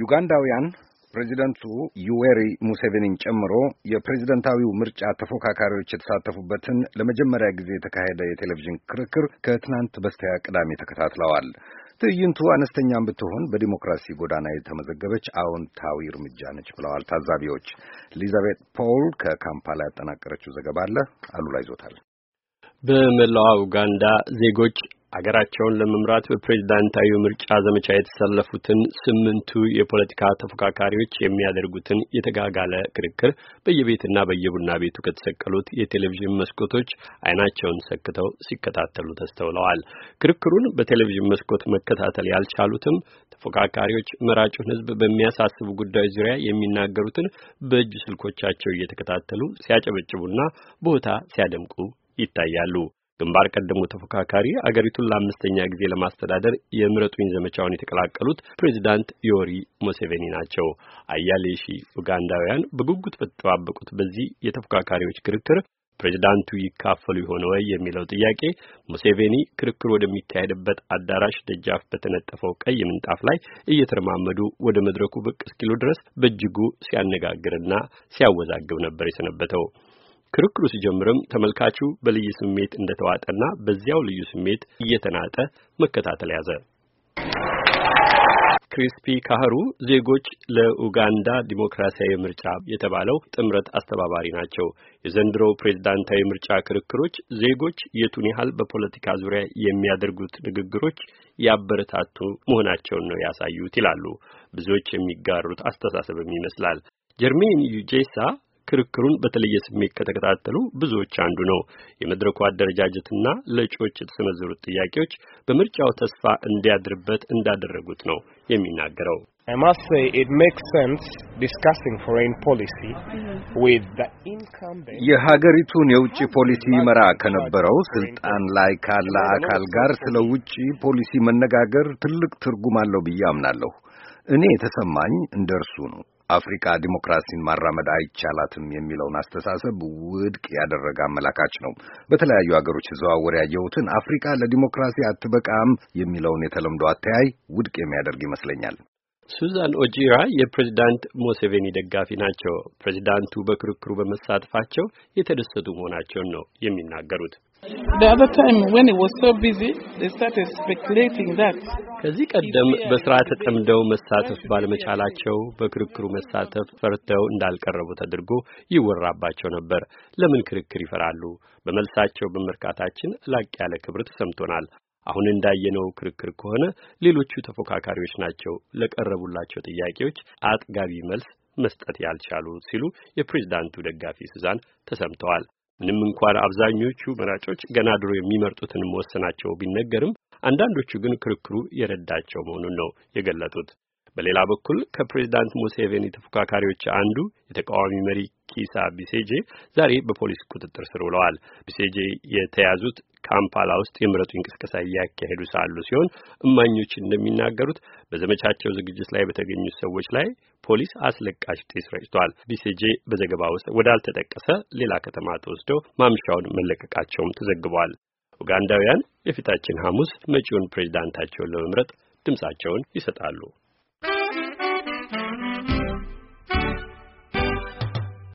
ዩጋንዳውያን ፕሬዚደንቱ ዩዌሪ ሙሴቬኒን ጨምሮ የፕሬዚደንታዊው ምርጫ ተፎካካሪዎች የተሳተፉበትን ለመጀመሪያ ጊዜ የተካሄደ የቴሌቪዥን ክርክር ከትናንት በስቲያ ቅዳሜ ተከታትለዋል። ትዕይንቱ አነስተኛም ብትሆን በዲሞክራሲ ጎዳና የተመዘገበች አዎንታዊ እርምጃ ነች ብለዋል ታዛቢዎች። ኤሊዛቤት ፖል ከካምፓላ ያጠናቀረችው ዘገባ አለ አሉላ ይዞታል። በመላዋ ኡጋንዳ ዜጎች አገራቸውን ለመምራት በፕሬዝዳንታዊ ምርጫ ዘመቻ የተሰለፉትን ስምንቱ የፖለቲካ ተፎካካሪዎች የሚያደርጉትን የተጋጋለ ክርክር በየቤትና በየቡና ቤቱ ከተሰቀሉት የቴሌቪዥን መስኮቶች አይናቸውን ሰክተው ሲከታተሉ ተስተውለዋል። ክርክሩን በቴሌቪዥን መስኮት መከታተል ያልቻሉትም ተፎካካሪዎች መራጩን ሕዝብ በሚያሳስቡ ጉዳዮች ዙሪያ የሚናገሩትን በእጅ ስልኮቻቸው እየተከታተሉ ሲያጨበጭቡና ቦታ ሲያደምቁ ይታያሉ። ግንባር ቀደሙ ተፎካካሪ አገሪቱን ለአምስተኛ ጊዜ ለማስተዳደር የምረጡኝ ዘመቻውን የተቀላቀሉት ፕሬዚዳንት ዮሪ ሙሴቬኒ ናቸው። አያሌ ሺህ ኡጋንዳውያን በጉጉት በተጠባበቁት በዚህ የተፎካካሪዎች ክርክር ፕሬዚዳንቱ ይካፈሉ የሆነ ወይ የሚለው ጥያቄ ሙሴቬኒ ክርክር ወደሚካሄድበት አዳራሽ ደጃፍ በተነጠፈው ቀይ ምንጣፍ ላይ እየተረማመዱ ወደ መድረኩ ብቅ እስኪሉ ድረስ በእጅጉ ሲያነጋግርና ሲያወዛግብ ነበር የሰነበተው። ክርክሩ ሲጀምርም ተመልካቹ በልዩ ስሜት እንደተዋጠና በዚያው ልዩ ስሜት እየተናጠ መከታተል ያዘ። ክሪስፒ ካህሩ ዜጎች ለኡጋንዳ ዲሞክራሲያዊ ምርጫ የተባለው ጥምረት አስተባባሪ ናቸው። የዘንድሮው ፕሬዝዳንታዊ ምርጫ ክርክሮች ዜጎች የቱን ያህል በፖለቲካ ዙሪያ የሚያደርጉት ንግግሮች ያበረታቱ መሆናቸውን ነው ያሳዩት ይላሉ። ብዙዎች የሚጋሩት አስተሳሰብም ይመስላል። ጀርሜን ዩጄሳ ክርክሩን በተለየ ስሜት ከተከታተሉ ብዙዎች አንዱ ነው። የመድረኩ አደረጃጀትና ለእጩዎች የተሰነዘሩት ጥያቄዎች በምርጫው ተስፋ እንዲያድርበት እንዳደረጉት ነው የሚናገረው። I must say it makes sense discussing foreign policy with the incumbent የሀገሪቱን የውጭ ፖሊሲ መራ ከነበረው ስልጣን ላይ ካለ አካል ጋር ስለ ውጭ ፖሊሲ መነጋገር ትልቅ ትርጉም አለው ብዬ አምናለሁ። እኔ የተሰማኝ እንደ እርሱ ነው። አፍሪካ ዲሞክራሲን ማራመድ አይቻላትም የሚለውን አስተሳሰብ ውድቅ ያደረገ አመላካች ነው። በተለያዩ ሀገሮች ዘዋወር ያየሁትን አፍሪካ ለዲሞክራሲ አትበቃም የሚለውን የተለምዶ አተያይ ውድቅ የሚያደርግ ይመስለኛል። ሱዛን ኦጂራ የፕሬዚዳንት ሞሴቬኒ ደጋፊ ናቸው። ፕሬዚዳንቱ በክርክሩ በመሳተፋቸው የተደሰቱ መሆናቸውን ነው የሚናገሩት። ከዚህ ቀደም በስራ ተጠምደው መሳተፍ ባለመቻላቸው በክርክሩ መሳተፍ ፈርተው እንዳልቀረቡ ተደርጎ ይወራባቸው ነበር። ለምን ክርክር ይፈራሉ? በመልሳቸው በመርካታችን ላቅ ያለ ክብር ተሰምቶናል። አሁን እንዳየነው ክርክር ከሆነ ሌሎቹ ተፎካካሪዎች ናቸው ለቀረቡላቸው ጥያቄዎች አጥጋቢ መልስ መስጠት ያልቻሉ ሲሉ የፕሬዝዳንቱ ደጋፊ ሱዛን ተሰምተዋል። ምንም እንኳን አብዛኞቹ መራጮች ገና ድሮ የሚመርጡትን መወሰናቸው ቢነገርም አንዳንዶቹ ግን ክርክሩ የረዳቸው መሆኑን ነው የገለጡት። በሌላ በኩል ከፕሬዚዳንት ሙሴቬኒ ተፎካካሪዎች አንዱ የተቃዋሚ መሪ ኪሳ ቢሴጄ ዛሬ በፖሊስ ቁጥጥር ስር ውለዋል። ቢሴጄ የተያዙት ካምፓላ ውስጥ የምረጡ እንቅስቃሴ እያካሄዱ ሳሉ ሲሆን እማኞች እንደሚናገሩት በዘመቻቸው ዝግጅት ላይ በተገኙት ሰዎች ላይ ፖሊስ አስለቃሽ ጤስ ረጭቷል። ቢሴጄ በዘገባ ውስጥ ወዳልተጠቀሰ ሌላ ከተማ ተወስደው ማምሻውን መለቀቃቸውም ተዘግቧል። ኡጋንዳውያን የፊታችን ሐሙስ መጪውን ፕሬዚዳንታቸውን ለመምረጥ ድምጻቸውን ይሰጣሉ።